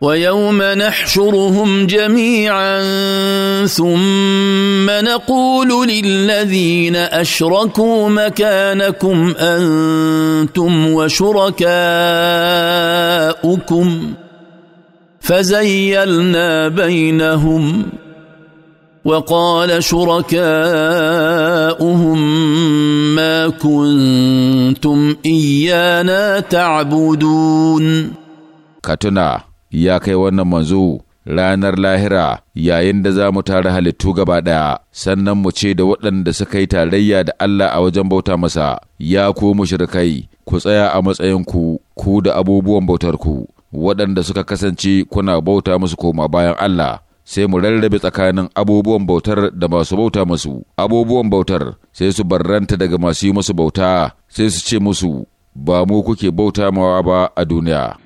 ويوم نحشرهم جميعا ثم نقول للذين اشركوا مكانكم انتم وشركاؤكم فزيلنا بينهم وقال شركاؤهم ما كنتم ايانا تعبدون كتنا ya kai wannan manzo ranar lahira yayin da za mu tara halittu gaba ɗaya sannan mu ce da waɗanda suka yi tarayya da Allah a wajen bauta masa ya ku mushrikai ku tsaya a matsayin ku ku da abubuwan bautar ku waɗanda suka kasance kuna bauta musu koma bayan Allah sai mu rarrabe tsakanin abubuwan bautar da masu bauta musu abubuwan bautar sai su barranta daga masu yi musu bauta sai su ce musu ba mu kuke bauta mawa ba a duniya